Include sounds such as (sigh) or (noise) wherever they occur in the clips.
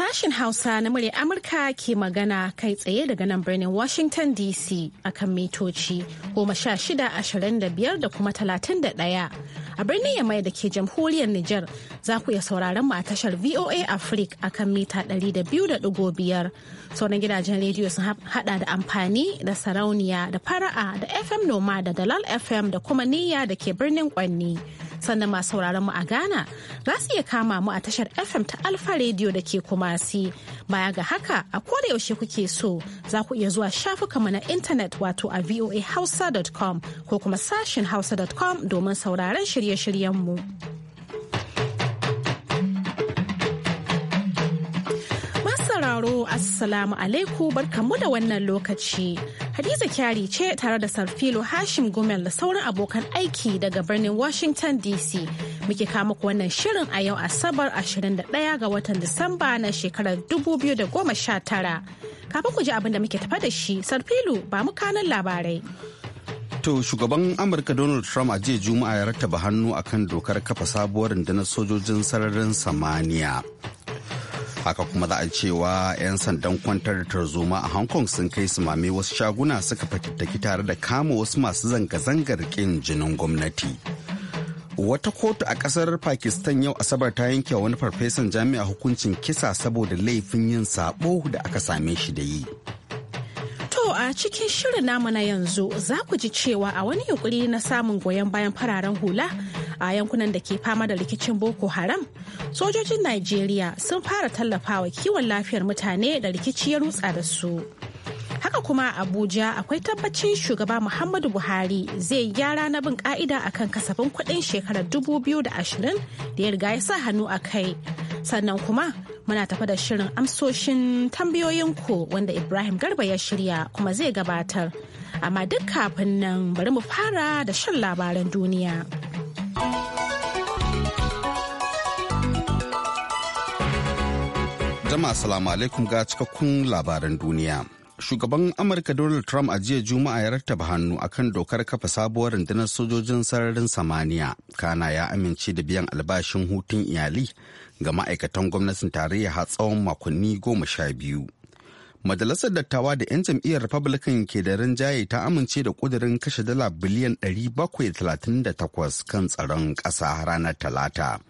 Sashen Hausa na murya Amurka ke magana kai tsaye daga nan birnin Washington DC akan mitoci goma sha shida ashirin da biyar da kuma talatin da ɗaya. A birnin Yamai da ke jamhuriyar Nijar za ku iya sauraron mu a tashar VOA Africa akan mita ɗari da biyu da ɗigo biyar. Sauran gidajen rediyo sun haɗa da amfani da sarauniya da fara'a da FM Noma da Dalal FM da kuma niyya da ke birnin Kwanni. sannan masu sauraron mu a Ghana za su iya kama mu a tashar FM ta Alfa Radio da ke Kumasi. Baya ga haka a koda yaushe kuke so za ku iya zuwa shafukanmu na intanet wato a voahausa.com ko kuma sashin hausa.com domin sauraron shirye shiryen mu. sauraro Assalamu alaikum barkamu da wannan lokaci. Hadiza kyari ce tare da Sarfilo Hashim Gumel da sauran abokan aiki daga birnin Washington DC. Muke kama ku wannan shirin a yau Asabar 21 ga watan Disamba na shekarar 2019. Kafin ku ji abin da muke tafa da shi, Sarfilo ba mu kanan labarai. To shugaban Amurka Donald Trump a jiya Juma'a ya rattaba hannu akan dokar kafa sabuwar rundunar sojojin sararin samaniya. haka kuma za a cewa 'yan sandan kwantar da tarzoma a hong kong sun kai su mame wasu shaguna suka fatattaki tare da kama wasu masu zanga-zangar kin jinin gwamnati wata kotu a kasar pakistan yau asabar ta yanke wani farfesan jami'a hukuncin kisa saboda laifin yin sabo da aka same shi da yi a cikin shirin namu na yanzu za ku ji cewa a wani yunkuri na samun goyon bayan fararen hula a yankunan da ke fama da rikicin Boko Haram, sojojin Najeriya sun fara tallafawa kiwon lafiyar mutane da rikici ya rutsa da su. Haka kuma a Abuja akwai tabbacin shugaba Muhammadu Buhari zai gyara na bin ka'ida akan kasafin kuɗin shekarar 2020 da ya riga ya sa hannu a kai. Sannan kuma muna tafa da shirin amsoshin tambayoyinku wanda Ibrahim Garba ya shirya kuma zai gabatar. Amma duk kafin nan bari mu fara da shan labaran duniya. Jama'a salamu alaikum ga cikakkun labaran duniya. Shugaban Amurka Donald Trump a jiya Juma'a ya rattaba hannu a kan dokar kafa sabuwar rundunar sojojin sararin samaniya. Kana ya amince da biyan albashin hutun iyali ga ma'aikatan gwamnatin tarayya har tsawon makonni goma sha biyu. Majalisar Dattawa da 'yan jam'iyyar Republican ke da rinjaye ta amince da kudirin kashe dala biliyan 738 kan tsaron ƙasa ranar Talata.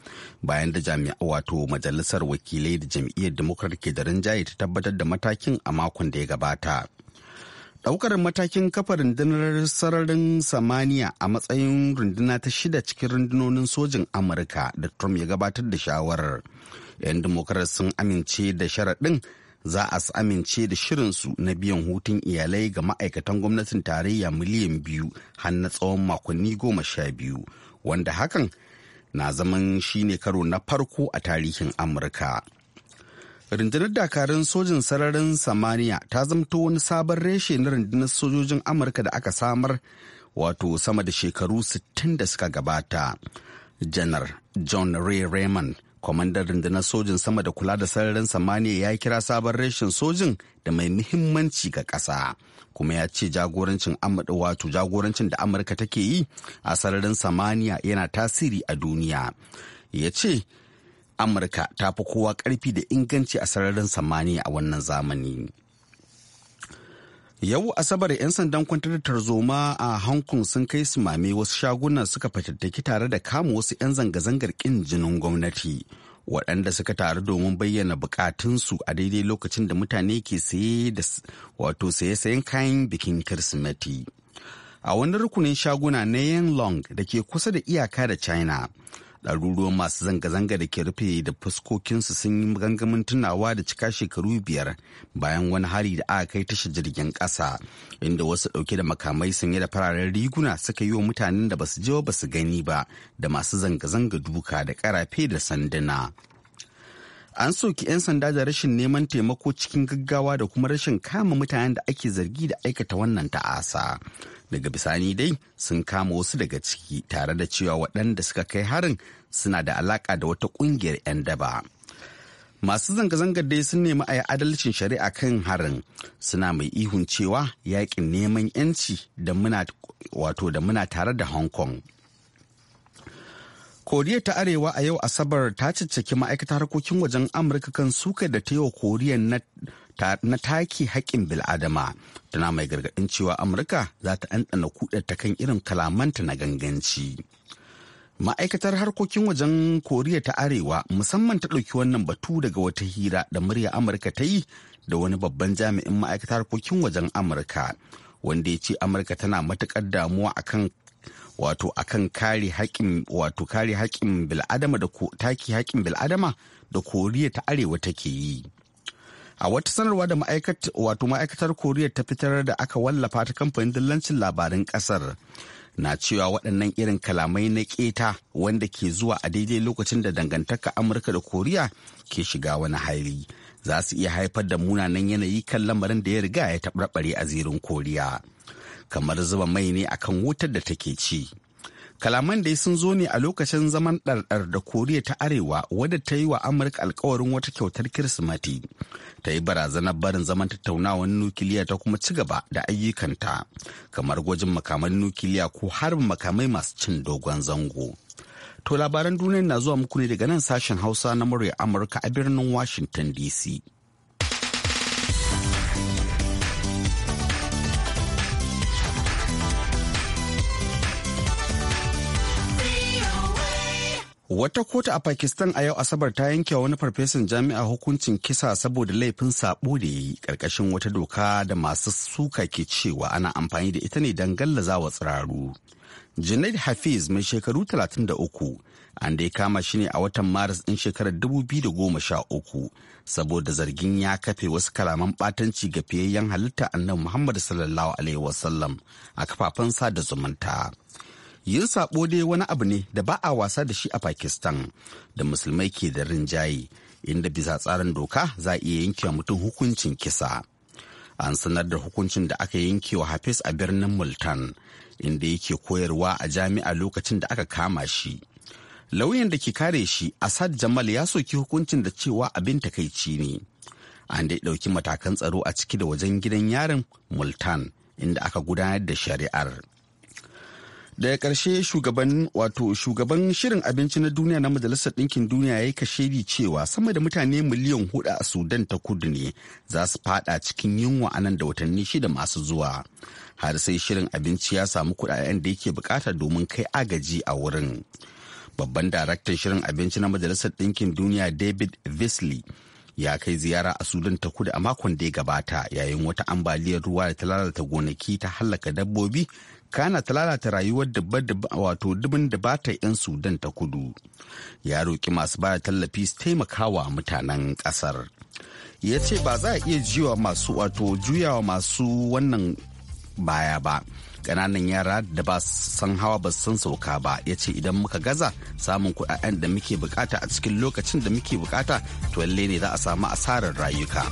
Bayan da jami'a wato Majalisar Wakilai da jam'iyyar Democrat ke da rinjaye ta tabbatar da matakin a makon da ya gabata. Ɗaukar matakin kafa rundunar sararin samaniya a matsayin runduna ta shida cikin rundunonin sojin Amurka da Trump ya gabatar da shawarar. 'Yan Democrat sun amince da sharaɗin za a amince da shirinsu na biyan hutun iyalai ga ma'aikatan gwamnatin tarayya miliyan biyu har na tsawon makonni goma sha biyu wanda hakan na zaman shine karo na farko a tarihin amurka rundunar dakarun sojin sararin samaniya ta zamto wani sabon reshe na rundunar sojojin amurka da aka samar wato sama da shekaru 60 da suka gabata janar john ray raymond kwamandan rundunar sojin sama da kula da sararin samaniya ya kira sabon reshen sojin da mai muhimmanci ga ƙasa kuma ya ce jagorancin wato jagorancin da amurka take yi a sararin samaniya yana tasiri a duniya ya ce amurka ta fi kowa ƙarfi da inganci a sararin samaniya a wannan zamani Yau Asabar 'yan sandan kwantar tarzoma a Hong Kong sun kai su mame wasu shaguna suka fatattaki tare da kama wasu 'yan zanga-zangar ƙin jinin gwamnati. Waɗanda suka taru domin bayyana bukatunsu a daidai lokacin da mutane ke saye da wato saye-sayen kayan bikin Kirsimeti. A wani rukunin shaguna na Yanlong da ke kusa da iyaka da China, ɗaruruwan masu zanga-zanga da ke rufe da fuskokinsu sun yi gangamin tunawa da cika shekaru biyar bayan wani hari da aka kai tashar jirgin ƙasa inda wasu ɗauke da makamai sanye da fararen riguna suka yi wa mutanen da basu je ba su gani ba da masu zanga-zanga duka da ƙarafe da sanduna. an soki 'yan sanda da rashin neman taimako cikin gaggawa da kuma rashin kama mutanen da ake zargi da aikata wannan ta'asa daga bisani dai sun kama wasu daga ciki tare da cewa waɗanda suka kai harin suna da alaƙa da wata ƙungiyar 'yan daba masu zanga-zangar dai sun nemi a yi adalcin shari'a kan harin suna mai ihun cewa yaƙin neman 'yanci da muna wato da muna tare da hong kong koriya ta arewa a yau asabar ta cicciki ma'aikatar harkokin wajen amurka kan suka da ta yi wa koriya na taki haƙƙin bil'adama tana mai gargaɗin cewa amurka za ta ɗanɗana kuɗar ta kan irin kalamanta na ganganci ma'aikatar harkokin wajen koriya ta arewa musamman ta ɗauki wannan batu daga wata hira da murya amurka ta yi da wani babban jami'in ma'aikatar harkokin wajen amurka wanda ya ce amurka tana matuƙar damuwa akan wato akan kare hakkin wato kare bil'adama da taki haƙin bil'adama da koriya ta arewa take yi a wata sanarwa da wato ma'aikatar koriya ta fitar da aka wallafa ta kamfanin dillancin labarin kasar na cewa waɗannan irin kalamai na keta wanda ke zuwa a daidai lokacin da dangantaka amurka da koriya ke shiga wani hali za su iya haifar da munanan yanayi kan lamarin da ya riga ya taɓarɓare a zirin koriya kamar zuba mai ne akan wutar da take ci. Kalaman dai sun zo ne a lokacin zaman ɗarɗar da Koriya ta Arewa wadda ta yi wa Amurka alkawarin wata kyautar Kirsimati. Ta yi barazanar barin zaman tattaunawar nukiliya ta kuma ci gaba da ayyukanta, kamar gwajin makaman nukiliya ko harbin makamai masu cin dogon zango. To labaran duniya na zuwa muku ne daga nan sashen Hausa na murya Amurka a birnin Washington DC. Wata kotu a Pakistan a yau Asabar ta yanke wani farfesan jami'a hukuncin kisa saboda laifin sabo da yi ƙarƙashin wata doka da masu suka ke cewa ana amfani da ita ne don gallaza wa tsiraru. Junaid Hafiz mai shekaru 33 an dai kama shi ne a watan Maris ɗin shekarar 2013 saboda zargin ya kafe wasu kalaman ɓatanci ga fiyayyen halitta annabi Muhammad sallallahu alaihi wasallam a kafafen sada zumunta. yin sabo dai wani abu ne da ba a wasa da shi a pakistan da musulmai ke da rinjaye inda bisa tsarin doka za a iya yanke mutum hukuncin kisa an sanar da hukuncin da aka yanke wa hafiz a birnin multan inda yake koyarwa a jami'a lokacin da aka kama shi lauyan da ke kare shi asad jamal ya soki hukuncin da cewa abin takaici ne an dai ɗauki matakan tsaro a ciki da wajen gidan yarin multan inda aka gudanar da shari'ar daga ƙarshe shugaban wato shugaban shirin abinci na duniya na majalisar ɗinkin duniya ya yi kashedi cewa sama da mutane miliyan hudu a sudan ta kudu ne za su fada cikin yunwa a nan da watanni shida masu zuwa har sai shirin abinci ya samu kuɗaɗen da yake bukata domin kai agaji a wurin babban daraktan shirin abinci na majalisar ɗinkin duniya david visley ya kai ziyara a sudan ta kudu a makon da ya gabata yayin wata ambaliyar ruwa da ta lalata gonaki ta hallaka dabbobi kana ta lalata rayuwar wato dubin da ba ta 'yan sudan ta kudu ya roƙi masu bada tallafi su taimakawa mutanen ƙasar ya ce ba za a iya jiwa masu wato juyawa masu wannan baya ba ƙananan yara da ba san hawa ba san sauka ba ya ce idan muka gaza samun kuɗaɗen da muke bukata a cikin lokacin da muke bukata to lalle ne za a samu asarar rayuka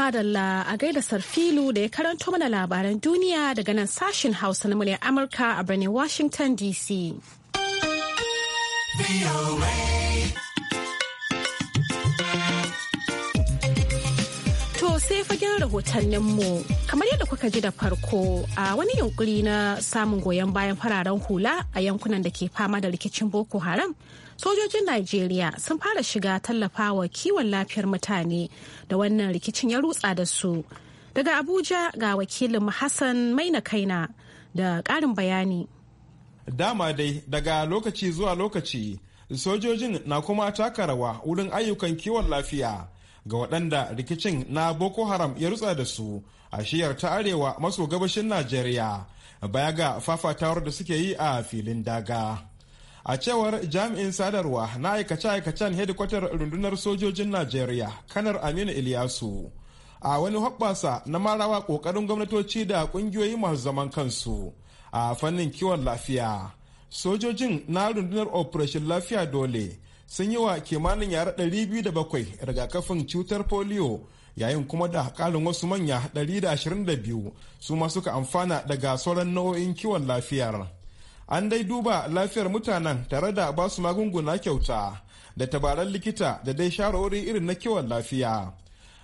Madalla a gaida Sarfilu da ya karanto mana labaran duniya daga nan sashin Hausa na muryar Amurka a birnin Washington DC. sai fagen rahotanninmu kamar yadda kuka ji da farko a wani yunkuri na samun goyon bayan fararen hula a yankunan da ke fama da rikicin boko haram sojojin najeriya sun fara shiga tallafawa kiwon lafiyar mutane da wannan rikicin ya rutsa da su daga abuja ga wakilin hassan maina kaina da ƙarin bayani dama dai daga lokaci zuwa lokaci sojojin na kuma taka rawa wurin ayyukan kiwon lafiya ga waɗanda rikicin na boko haram ya rutsa da su a shiyar ta arewa maso gabashin najeriya baya ga fafatawar da suke yi a filin daga a cewar jami'in sadarwa na aikace-aikacen hedikwatar rundunar sojojin najeriya kanar aminu iliyasu a wani hoɓɓasa na marawa ƙoƙarin gwamnatoci da ƙungiyoyi masu zaman kansu a fannin kiwon lafiya sojojin na rundunar operation lafiya dole sun yi wa kimanin yara 207 rigakafin cutar polio yayin kuma da ƙarin wasu manya 122 su ma suka amfana daga sauran nau'o'in kiwon lafiyar an dai duba lafiyar mutanen tare da ba su magunguna kyauta da tabarar likita da dai shawarwari irin na kiwon lafiya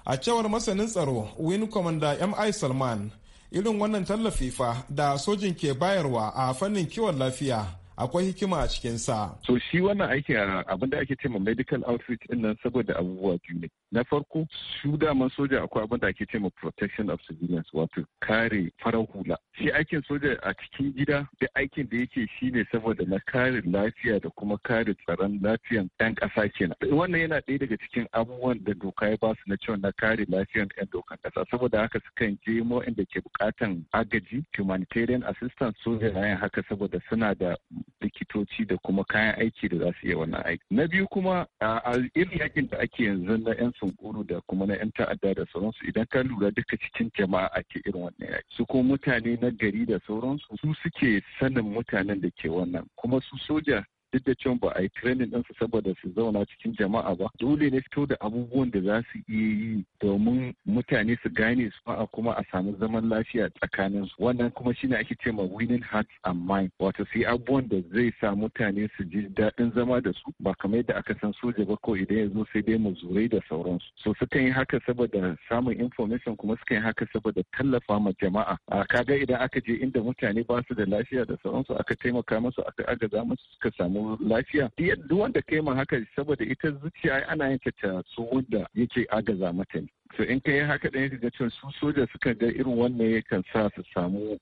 a cewar masanin tsaro win commander mi salman irin wannan tallafi fa da sojin ke bayarwa a fannin kiwon lafiya akwai hikima a cikin cikinsa. So shi wannan aikin abin da ake ce ma medical outreach ɗin nan saboda abubuwa biyu ne. na farko su daman soja akwai abin da ake ce ma protection of civilians wato kare farar hula shi aikin soja a cikin gida da aikin da yake shi ne saboda na kare lafiya da kuma kare tsaron lafiyan yan ƙasa kenan wannan yana ɗaya daga cikin abubuwan da doka ya basu su na cewa na kare lafiyan ɗan dokan ƙasa saboda haka sukan je inda ke buƙatan agaji humanitarian assistance soja na yin haka saboda suna da likitoci da kuma kayan aiki da za su iya wannan aiki na biyu kuma a irin yakin da ake yanzu na yan sunkuru da kuma na 'yan ta'adda da sauransu idan ka lura duka cikin jama'a ake irin wannan yaki su kuma mutane na gari da sauransu su suke sanin mutanen da ke wannan kuma su soja duk da cewa ba a yi training ɗinsu saboda su zauna cikin jama'a ba dole ne fito da abubuwan da za su iya yi domin mutane su gane su a kuma a samu zaman lafiya tsakanin su wannan kuma shine ake ma winning hearts and mind wato sai abubuwan da zai sa mutane su ji daɗin zama da su ba kamar yadda aka san soja ba ko idan ya zo sai dai mu zurai da sauransu so sukan yi haka saboda samun information kuma suka yi haka saboda tallafa ma jama'a a kaga idan aka je inda mutane ba su da lafiya da sauransu aka taimaka musu aka agaza musu suka samu samu lafiya duk wanda kai ma haka saboda ita zuciya ana yin ta su wanda yake agaza mata ne to in kai haka da yake ga su soja suka ga irin wannan yakan sa su samu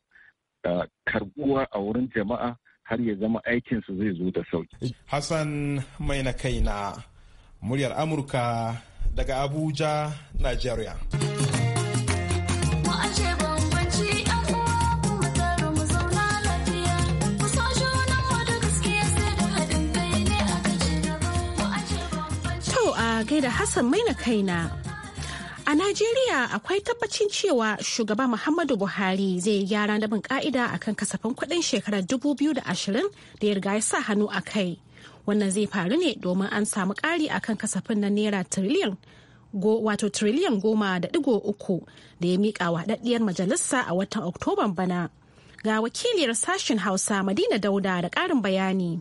karbuwa a wurin jama'a har ya zama aikin su zai zo da sauki. Hassan mai na kaina muryar Amurka daga Abuja, Nigeria. kai da Hassan Maina kaina. A Najeriya akwai tabbacin cewa shugaba Muhammadu Buhari zai gyara da bin ka'ida kan kasafin kuɗin shekarar 2020 da ya riga ya sa hannu a kai. Wannan zai faru ne domin an samu ƙari kan kasafin na naira tiriliyan wato tiriliyan goma da digo uku da ya miƙa wa majalisa a watan Oktoban bana. Ga wakiliyar sashen Hausa Madina Dauda da ƙarin bayani.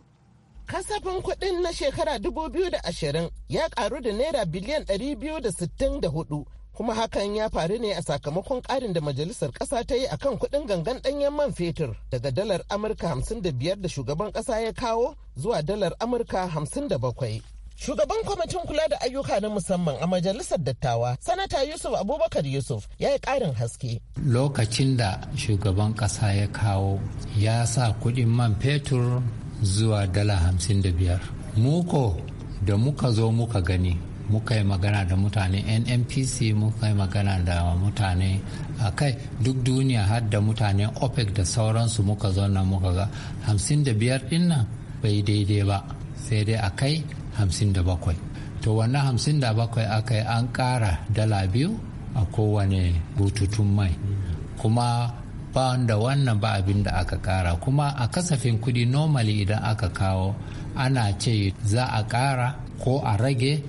kasafin kuɗin na shekara 2020 ya ƙaru da naira biliyan 264 kuma hakan ya faru ne a sakamakon ƙarin da majalisar ƙasa ta yi akan kuɗin gangan ɗanyen man fetur daga dalar amurka 55 da shugaban ƙasa ya kawo zuwa dalar amurka 57 Shugaban kwamitin kula da ayyuka na musamman a majalisar dattawa, Sanata Yusuf Abubakar Yusuf ya yi ƙarin haske. Lokacin da shugaban ƙasa ya kawo ya sa kuɗin man fetur zuwa dala hamsin da biyar muko da muka zo muka gani muka yi magana da mutane nnpc muka yi magana da mutane a kai duk duniya har da mutane opec da sauransu muka zo na muka ga hamsin da biyar din nan bai daidai ba sai dai a kai hamsin da bakwai to wannan hamsin da bakwai aka yi an ƙara dala biyu a kowane bututun mai kuma ba wanda wannan ba abin da aka kara kuma a kasafin kudi normally idan aka kawo ana ce za a kara ko a rage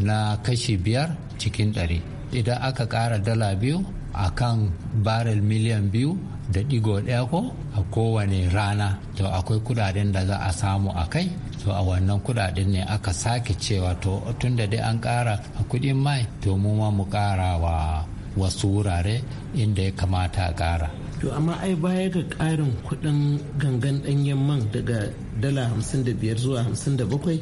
na kashi biyar cikin ɗari idan aka kara dala biyu a kan barrel miliyan biyu da ɗigo ɗaya ko a kowane rana to akwai kudaden da za a samu a kai to a wannan kudaden ne aka sake cewa to tun da dai an kara kudin mai to mu ma mu kara wa wasu wurare inda ya kamata a kara to amma ai baya ga ƙarin kuɗin gangan ɗanyen man daga dala 55 zuwa 57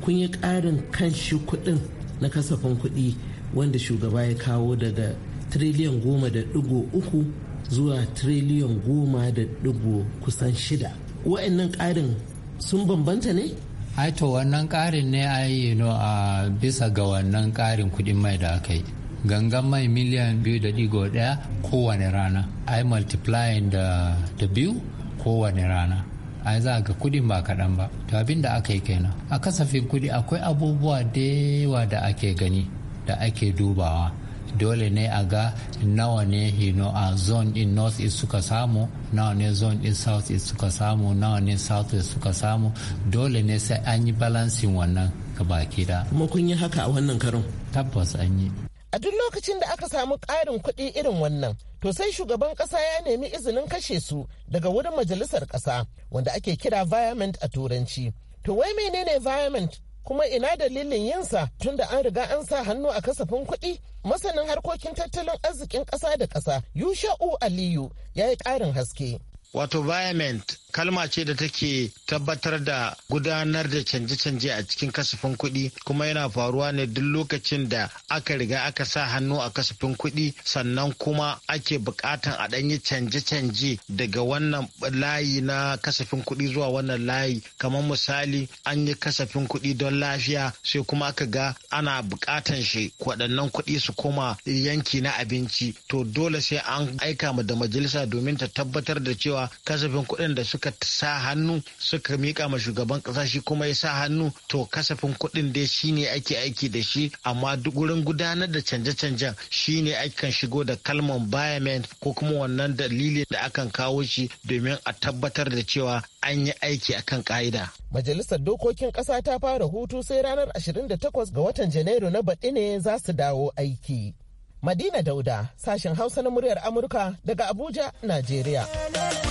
kun yi ƙarin kan shi kuɗin na kasafin kuɗi wanda shugaba ya kawo daga triliyan goma da ɗigo uku zuwa triliyan goma da ɗigo kusan shida wa'annan ƙarin sun bambanta ne ai to wannan ƙarin ne ai a bisa ga wannan ƙarin kuɗin mai da aka yi gangan mai miliyan biyu da digo daya kowane rana yi multiplying da da biyu kowane rana yi za ga kudin ba kaɗan ba to abin da aka yi kenan a kasafin kudi akwai abubuwa da yawa da ake gani da ake dubawa dole ne a ga nawa ne hino a zone in north east suka samu nawa ne zone in south east suka samu nawa ne south is suka samu dole ne sai an yi balansin wannan baki da kuma kun yi haka a wannan karon tabbas an yi a duk lokacin da aka samu ƙarin kuɗi irin wannan to sai shugaban ƙasa ya nemi izinin kashe su daga wurin majalisar ƙasa wanda ake kira vayament a turanci to wai menene viament kuma ina dalilin yinsa tun da an riga an sa hannu a kasafin kuɗi masanin harkokin tattalin arzikin ƙasa da ƙasa yusha'u aliyu ya yi ƙarin haske Wato environment kalma ce da take tabbatar da gudanar da canje-canje a cikin kasafin kuɗi kuma yana faruwa ne duk lokacin da aka riga aka sa hannu a kasafin kuɗi sannan kuma ake buƙatan a ɗanyi canje-canje daga wannan layi na kasafin kuɗi zuwa wannan layi kamar misali an yi kasafin kuɗi don lafiya sai kuma aka ga ana buƙatan shi waɗannan kuɗi su koma yanki na abinci to dole sai an aika mu da majalisa domin ta tabbatar da cewa kasafin kuɗin da suka sa hannu suka miƙa ma shugaban ƙasa shi kuma ya sa hannu to kasafin kuɗin dai shi ne ake aiki da shi amma duk wurin gudanar da canje-canjen shine ne akan shigo da kalmar bayament ko kuma wannan dalilin da akan kawo shi domin a tabbatar da cewa an yi aiki akan ka'ida. Majalisar Dokokin Ƙasa ta fara hutu sai ranar 28 ga watan Janairu na baɗi ne za su dawo aiki. Madina Dauda, sashen Hausa na muryar Amurka daga Abuja, Najeriya.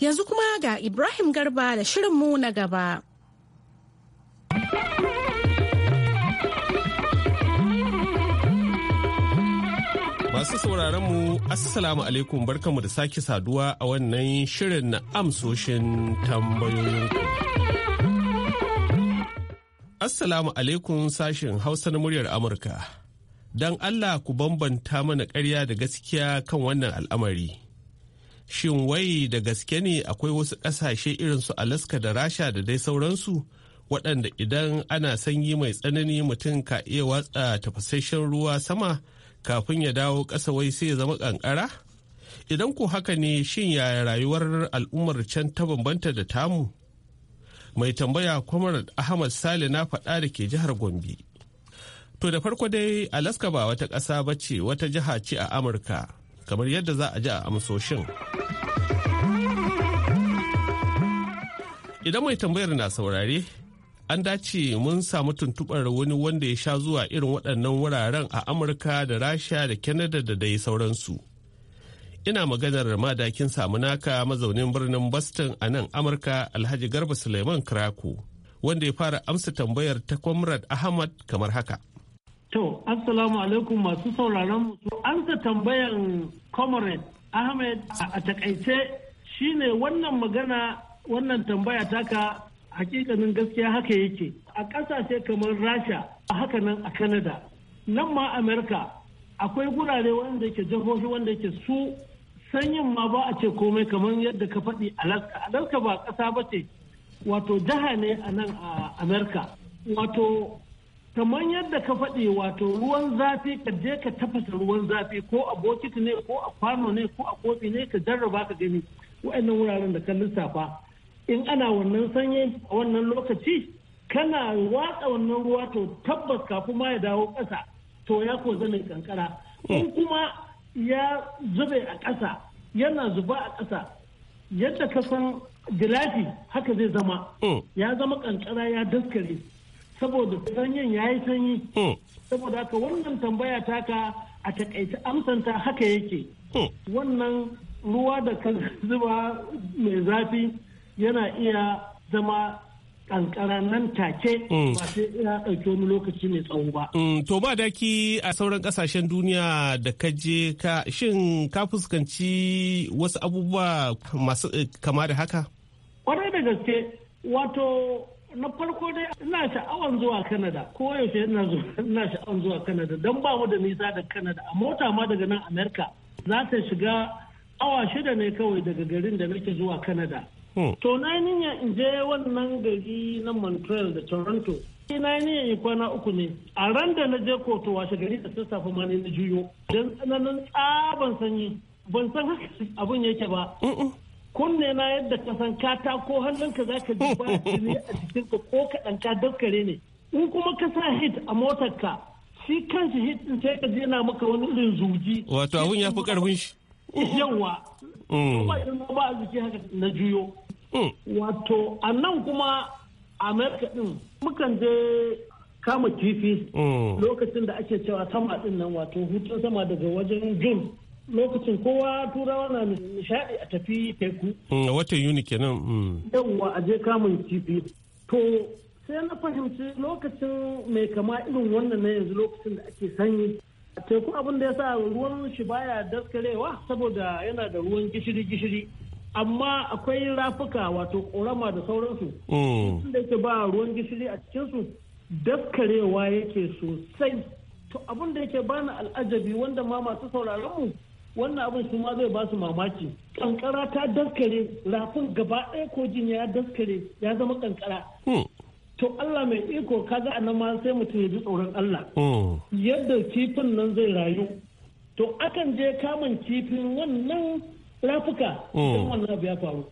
Yanzu kuma ga Ibrahim Garba da shirinmu na gaba. Masu sauraronmu Assalamu alaikum barkanmu da sake saduwa a wannan shirin na amsoshin tambayoyinku. Assalamu alaikum sashin Hausa na muryar Amurka. Don Allah ku bambanta mana karya da gaskiya kan wannan al'amari. shin wai da gaske ne akwai wasu ƙasashe irin su alaska da rasha da dai sauransu waɗanda idan ana sanyi mai tsanani mutum ka iya watsa tafasasshen ruwa sama kafin ya dawo ƙasa wai sai ya zama ƙanƙara idan ko haka ne shin yaya rayuwar al'ummar can ta bambanta da tamu mai tambaya kwamar ahmad sale na faɗa da ke jihar gombe to da farko dai alaska ba wata ƙasa ba ce wata jiha ce a amurka kamar yadda za a ji a amsoshin. Idan mai tambayar na saurare, an dace mun samu tuntuɓar wani wanda ya sha zuwa irin waɗannan wuraren a Amurka da Rasha da Canada da dai sauransu. Ina maganar madakin samunaka mazaunin birnin Boston a nan Amurka Alhaji Garba Suleiman Krako, wanda ya fara amsa tambayar ta Comrade Ahmad kamar haka. To, Assalamu alaikum masu sauraron An Ansa tambayan Comrade Ahmed a takaice ne wannan magana wannan tambaya taka hakikanin gaskiya haka yake a ƙasashe kamar Rasha a haka nan a Canada. Nan ma Amerika akwai gurare wanda ke jahohi wanda ke su sanyin ma ba a ce komai kamar yadda ka faɗi Alaska. Alaska ba ƙasa ba ce wato jiha ne a nan a Amerika. Wato kamar yadda ka faɗi wato ruwan zafi ka je ka tafasa ruwan zafi ko a bokiti ne ko a kwano ne ko a kofi ne ka jarraba ka gani wa'annan wuraren da ka lissafa in ana wannan sanyi a wannan lokaci kana watsa wannan ruwa to tabbas kafin ma ya dawo ƙasa to ya ko zanen kankara in hmm. kuma ya zube a ƙasa yana zuba a ƙasa yadda ka san gilafi haka zai zama hmm. ya zama kankara ya daskare saboda sanyin ya yi sanyi hmm. saboda haka wannan tambaya taka a takaice amsanta haka yake hmm. wannan ruwa da kan zuba mai zafi yana iya zama kankara nan take hmm. ba sai ya wani lokaci mai tsawo ba. To ba daki a sauran ƙasashen duniya da ka je ka shin ka fuskanci wasu abubuwa masu eh, kama da haka? Kwarai da gaske wato na farko dai ina sha'awar zuwa kanada. ko yaushe ina ina sha'awan zuwa kanada. don ba mu da nisa da kanada a mota ma daga nan America za ta shiga awa shida ne kawai daga garin da nake zuwa kanada. Hmm. to na yi niyyar in je wannan gari na Montreal da Toronto na yi niyyar in kwana uku ne a ran da na je koto washe gari da sassafe ma ne na juyo don tsananin tsaban sanyi ban san haka abin yake ba kunne na yadda ka san katako hannunka za ka ji ba jini a jikinka ko kaɗan ka daskare ne in kuma ka sa hit a motarka shi kanshi hit din sai ka je maka wani irin zuji wato abun ya fi karfin shi yawa mm. kuma ba a jiki haka na juyo mm. wato a nan kuma amerika din mukan je kama kifi mm. lokacin da ake cewa sama din nan wato hutun sama daga wajen june lokacin kowa turawa na nishadi a tafi teku. Mm, watan yuni kenan. Mm. yawwa a je kamun kifi to sai na fahimci lokacin mai kama irin wannan na yanzu lokacin da ake sanyi teku abin da ya sa ruwan shi baya daskarewa saboda yana da ruwan gishiri gishiri amma akwai rafuka wato korama da sauransu mm. da yake ba ruwan gishiri a cikinsu daskarewa yake sosai to abin da yake bani al'ajabi wanda ma masu sauraron mu wannan abin su ma zai ba su mamaki kankara ta daskare rafin gaba ɗaya kogin ya daskare ya zama kankara hmm. to Allah mai iko kaga a nan ma sai mutum ya ji tsoron Allah hmm. yadda kifin nan zai rayu to akan je kamun kifin wannan rafuka hmm. don wannan abu ya faru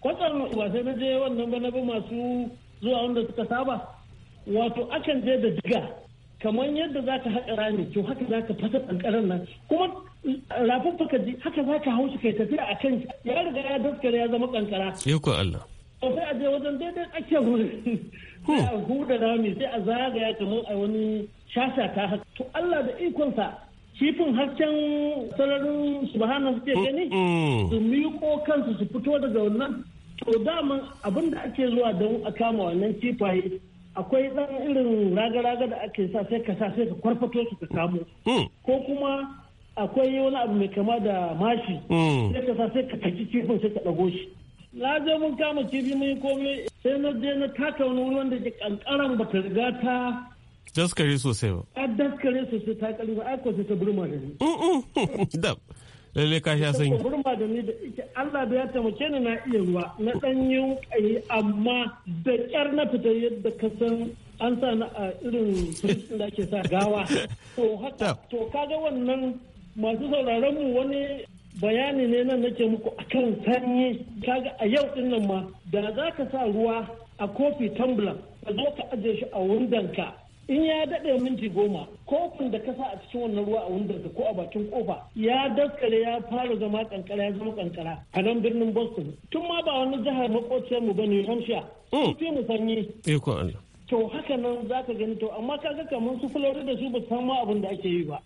kwatsar ba sai na je wannan ba na bi masu zuwa wanda suka saba wato akan je da diga kamar yadda za ka haƙa rami to haka za ka fasa ƙanƙarar nan kuma ka ji haka za ka hau shi kai tafiya a kan ya riga ya daskare ya zama kankara. ku Allah. To sai a je wajen daidai ake wurin. Sai a huda rami sai a zagaya kamar a wani shasha ta haka. To Allah da ikonsa kifin hasken sararin subhana suke mm, gani mm. su miƙo kansu su fito daga wannan to daman abin da ake zuwa don a kama wannan kifaye akwai ɗan irin raga-raga da ake sa sai ka sa sai ka kwarfato su ka samu mm. ko kuma akwai wani abu mai kama da mashi mm. sai ka sa sai ka taki kifin sai ka ɗago shi na je mun kama kifi mun yi komai sai na je na taka wani wurin da ke kankaran ba ta riga ta daskare sosai ba a daskare sosai ta kalli ba aiko sai ta burma da ni (laughs) dab lalle ka sha sanyi burma da ni da ita Allah da ya taimake ni na iya ruwa na dan yi amma da kyar na fita yadda ka san an sa na a irin da ake sa gawa (laughs) to haka to kaga wannan masu sauraron mu wani bayani ne nan nake muku akan sanyi kaga a yau din nan ma da za ka sa ruwa a kofi tumbler ka zo ka ajiye shi a wundanka in ya daɗe minti goma kofin da ka sa a cikin wannan ruwa a wundanka ko a bakin kofa ya daskare ya fara zama kankara ya zama kankara a nan birnin boston tun ma ba wani jihar makociyar mu ba new hampshire mm. mu sanyi to haka nan za ka gani to amma ka ga kamar su da su ba san ma abin da ake yi ba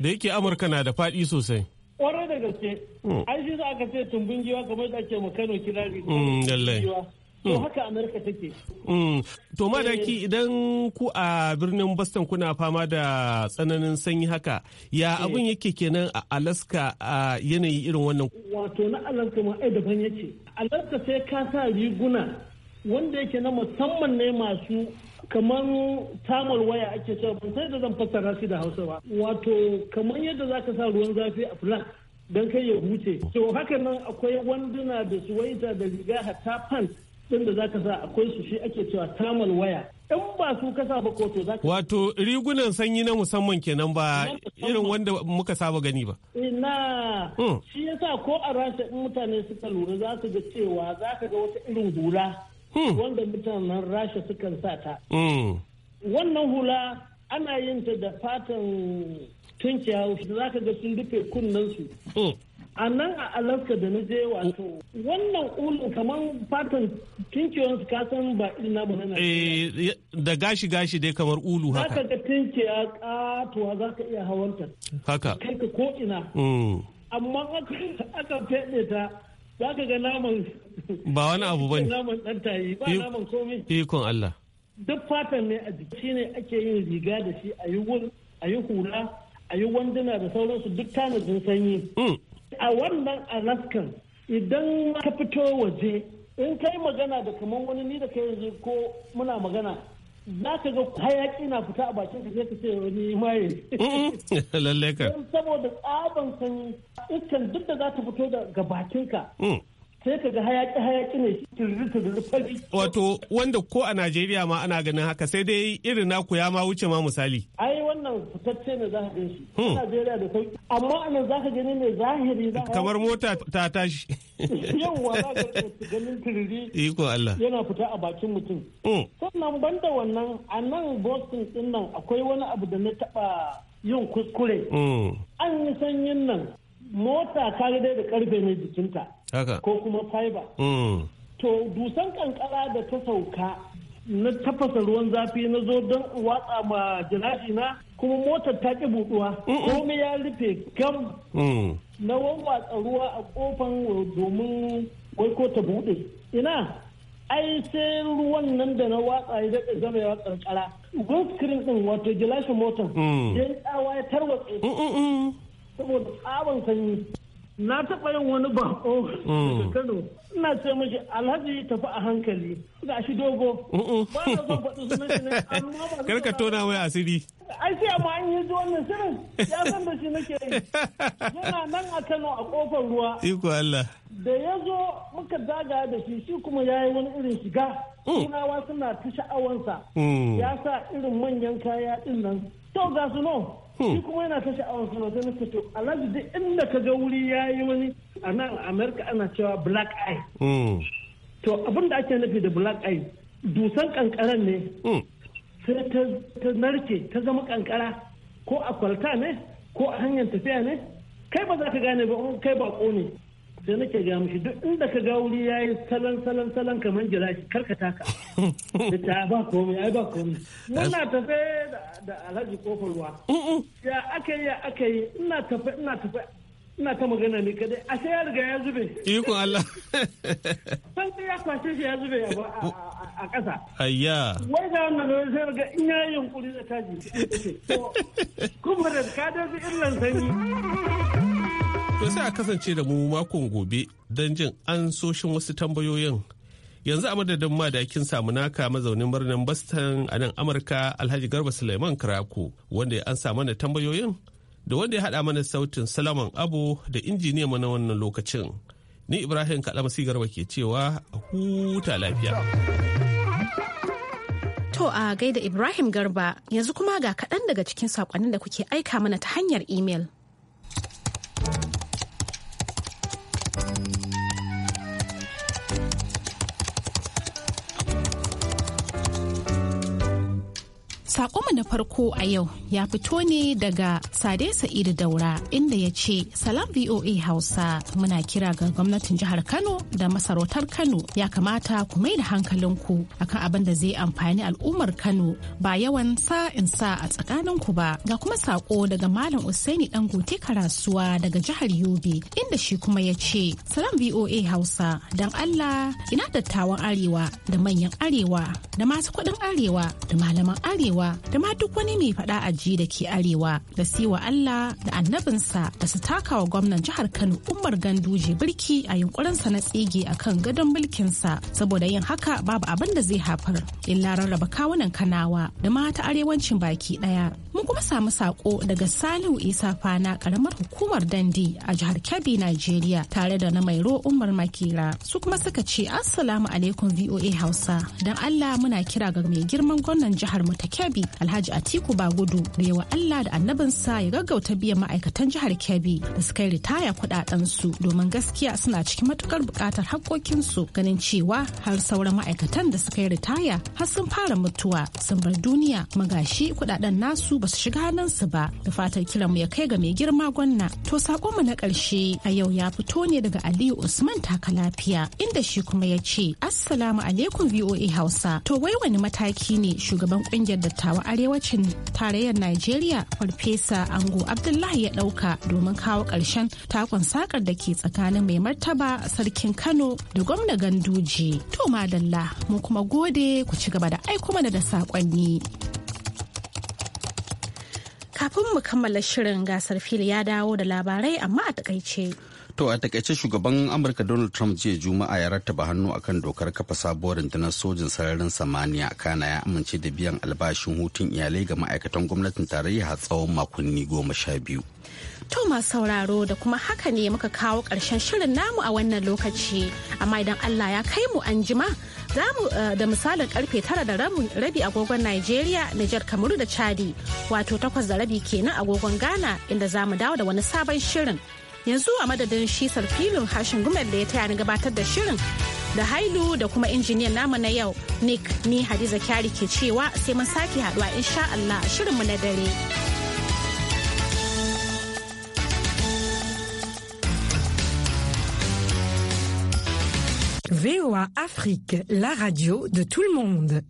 da yake amurka na da faɗi sosai kwarai da gaske hmm. ai shi za ka ce tumbin giwa kamar da ake makano kirari hmm, To hmm. haka Amurka take. To ma daki eh. idan ku a birnin Boston kuna fama da tsananin sanyi haka, ya eh. abin yake kenan a Alaska a yanayi irin wannan? Wato na Alaska ma ai daban yake. Alaska sai ka sa riguna wanda yake na musamman ne masu kamar tamar waya ake cewa ban sai da zan fassara shi da hausa ba wato kamar yadda zaka sa ruwan zafi a flask don kai ya huce to haka nan akwai wanduna da suwaita da riga hatta pan din da zaka sa akwai su shi ake cewa tamal waya in ba su ka ba ko to zaka wato rigunan sanyi na musamman kenan ba irin wanda muka saba gani ba ina hmm. shi yasa ko a rasha in mutane suka lura za su ga cewa zaka ga wata irin hula Hmm. wanda mutanen rasha sukan sa ta hmm. wannan hula ana yin ta da fatan hausa. za ka ga sun dufe kunnensu hmm. a nan a alaska da na je wato wannan ulu kamar fatan tinkiyon ka san ba ina ba na eh, da gashi gashi dai kamar ulu haka Za ka ga tunkiya katuwa za ka iya hawanta haka kai ka ko ina amma aka fede ta za ka ga naman ba wani abu (laughs) ba naman ba naman komai ikon Allah duk fatan ne a jiki ne ake yin riga da shi a yi wur a yi hula a yi wanduna da sauransu duk tanadin sanyi mm. a wannan alaskan idan ka fito waje in kai magana da kamar wani ni da kai yanzu ko muna magana za ka ga hayaƙi na fita a bakin ka sai ka ce wani maye. (laughs) Lalle ka. Saboda tsaban sanyi iskan duk da za ta fito daga bakin ka. Mm. Sai ka ga hayaki hayaki ne tururi tururi fari. Wato wanda ko a Najeriya ma ana ganin haka sai dai irin naku ya ma wuce ma misali. Ai wannan fitacce ne za ka gan shi hmm. najeriya da sauki amma a nan za ka gani mai zahiri za kamar mota ta tashi (laughs) yawwa za ka ganin tiriri iko Allah yana fita a bakin mutum hmm. sannan banda wannan a nan boston din nan akwai wani abu da na taɓa yin kuskure hmm. an yi sanyin nan mota ta dai da karfe ne jikinta ko kuma fiber to dusan kankara da ta sauka na tafasa ruwan zafi na zo don watsa ma jirashi na kuma motar ta ki buɗuwa komai ya rufe gam mm. na watsa ruwa a kofan eh, domin wai ko ta buɗe ina ai sai ruwan nan da na watsa ya daɗa zama ya kankara windscreen din wato gilashin motar mm. ya yi tsawa ya tarwatse saboda tsawon sanyi na taɓa yin wani bako mm. daga Kano ina ce mashi alhaji tafi a hankali ga shi dogo ba na son ne karka tona wai asiri ai sai amma an yi zuwa wannan shirin ya san da shi nake yi (laughs) yana nan a Kano a kofar ruwa iko Allah da ya zo muka daga da shi shi kuma ya yi wani irin shiga tunawa mm. suna ta sha'awansa mm. ya sa irin manyan kaya din nan to ga su no Hmm. shi kuma yana ta sha'awar suna sai nake to alhaji duk inda ka ga wuri ya yi wani a nan amurka ana cewa black eye hmm. to abin da ake nufi da black eye dusan kankaran ne hmm. sai ta narke ta zama kankara ko a kwalta ne ko a hanyar tafiya ne kai ba za ka gane ba kai ba ne sai nake ga mushi duk inda ka ga wuri yayi salan salan salan kamar jira shi karkata ka da ta (laughs) ba komai ai ba komai muna tafe da alhaji kofar ruwa ya aka ya aka yi ina tafe ina tafe ina ta magana ne kadai sai ya riga ya zube ikon Allah san (laughs) sai ya kwashe shi ya zube a kasa ayya wai ga wannan ne sai ga in ya yunkuri da taji kuma da ka da irin sanyi To sai a kasance da mu makon gobe don jin an soshin wasu tambayoyin. Yanzu a madadin madakin samu naka mazaunin birnin Boston a nan Amurka Alhaji Garba sulaiman karaku wanda ya an samu da tambayoyin da wanda ya haɗa mana sautin Salaman Abu da injiniya mana wannan lokacin. Ni Ibrahim Kalamasi Garba ke cewa a huta lafiya. To a gaida Ibrahim Garba yanzu kuma ga kaɗan daga cikin saƙonnin da kuke aika mana ta hanyar imel. mu na farko a yau ya fito ne daga Sade Sa'idu Daura inda ya ce Salam VOA Hausa muna kira ga gwamnatin jihar Kano da masarautar Kano ya kamata ku mai da hankalinku akan abin da zai amfani al'ummar Kano ba yawan sa in sa a tsakaninku ba ga kuma sako daga Malam Usaini Dangote Karasuwa daga jihar Yobe inda shi kuma ya ce Salam VOA Hausa dan Allah ina dattawan Arewa da manyan Arewa da masu kuɗin Arewa da malaman Arewa arewa da ma duk wani mai faɗa a ji da ke arewa da siwa Allah da annabinsa da su taka wa gwamnan jihar Kano Umar Ganduje birki a yunkurinsa na tsige a kan gadon mulkinsa saboda yin haka babu abin da zai haifar illa rarraba kawunan kanawa da ma ta arewancin baki ɗaya. Mun kuma samu sako daga Salihu Isa Fana karamar hukumar Dandi a jihar Kebbi nigeria tare da na Mairo Umar makira su kuma suka ce Assalamu alaikum VOA Hausa don Allah muna kira ga mai girman gwamnan jihar mu ta Kebbi Kebbi Alhaji Atiku Bagudu da yawa Allah da annabinsa ya gaggauta biyan ma'aikatan jihar Kebbi da suka yi ritaya su domin gaskiya suna cikin matukar buƙatar haƙƙoƙinsu ganin cewa har sauran ma'aikatan da suka yi ritaya har sun fara mutuwa sun bar duniya magashi kudaden nasu ba su shiga hannunsu ba da fatar mu ya kai ga mai girma gwanna. To mu na karshe a yau ya fito ne daga Aliyu Usman taka lafiya inda shi kuma ya ce Assalamu alaikum VOA Hausa. To wai wani mataki ne shugaban ƙungiyar da dattawa arewacin tarayyar Najeriya Farfesa Ango Abdullahi ya ɗauka domin kawo ƙarshen takon sakar da ke tsakanin mai martaba sarkin Kano da gwamna Ganduje. To madalla mu kuma gode ku ci gaba da aiko mana da saƙonni. Kafin mu kammala shirin gasar fili ya dawo da labarai amma a takaice. To a takaice shugaban Amurka Donald Trump jiya Juma'a ya rattaba hannu akan dokar kafa sabuwar rundunar sojin sararin samaniya kana ya amince da biyan albashin hutun iyalai ga ma'aikatan gwamnatin tarayya har tsawon makonni goma sha biyu. To masu sauraro da kuma haka ne muka kawo karshen shirin namu a wannan lokaci amma idan Allah ya kai mu an jima za mu eh, da misalin karfe tara da rabi agogon nigeria Nijar, Kamaru da Chadi wato takwas da rabi kenan agogon Ghana inda za mu dawo da wani sabon shirin. yanzu a madadin shi filin hashin gumel da ya taya ni gabatar da shirin da hailu da kuma injiniyan namu na yau nick ni hadiza kyari ke cewa sai mun sake haduwa insha allah a mu na dare. VOA Afrique, la radio de tout le monde.